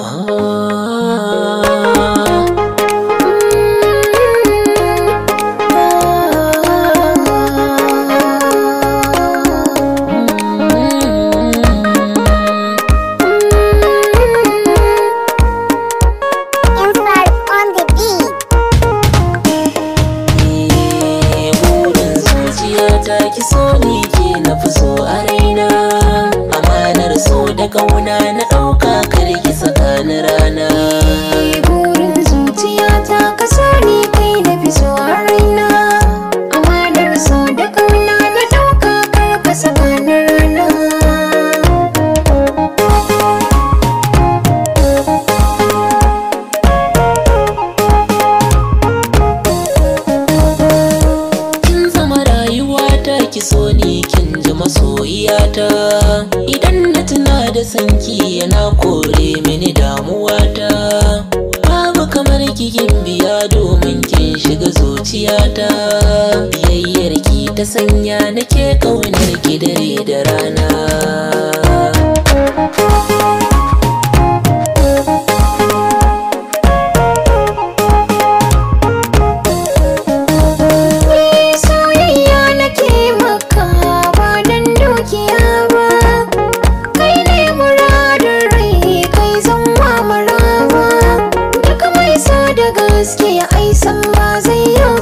ki so ni ke na fi so a raina amanar so da kauna na so da kauna na dauka kar ka na kin zama rayuwa ki so ni kin ji masoyiyata idan na tuna da sanki yana kore mini damuwata kamar kikin biya domin kin shiga zuciyata biyayyar ki ta sanya nake kaunar ki dare da rana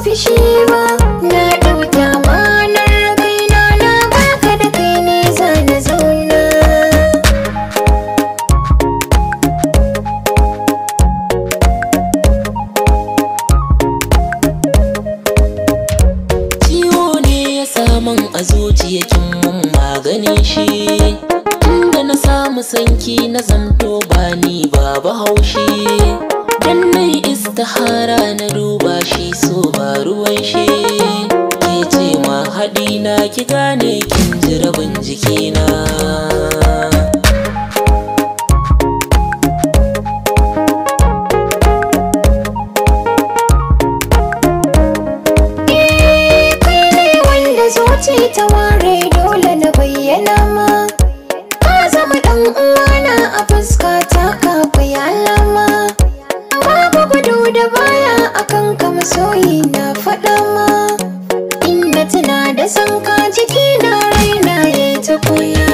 fushi ba na ɗauta manar gaina na baka da kai ne za na zauna ciwo ne ya samun a zuciya kin mun maganin shi tunda na samu sanki na zamto ba ni ba haushi idan mai istihara na duba shi so ba ruwan shi ke ce ma na ki gane kin ji rabin jikina ce ta ware dole na bayyana ma da baya akan ka masoyi na faɗa ma inda tana da san ka jiki na raina ya ta koya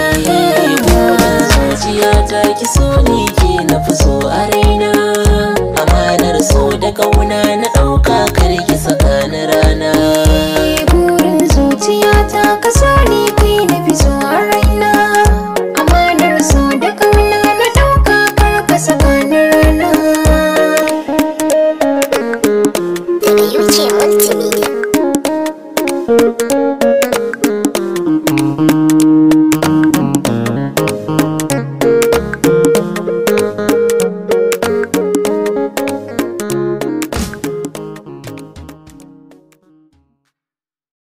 zuciya ta ki so ni you to me?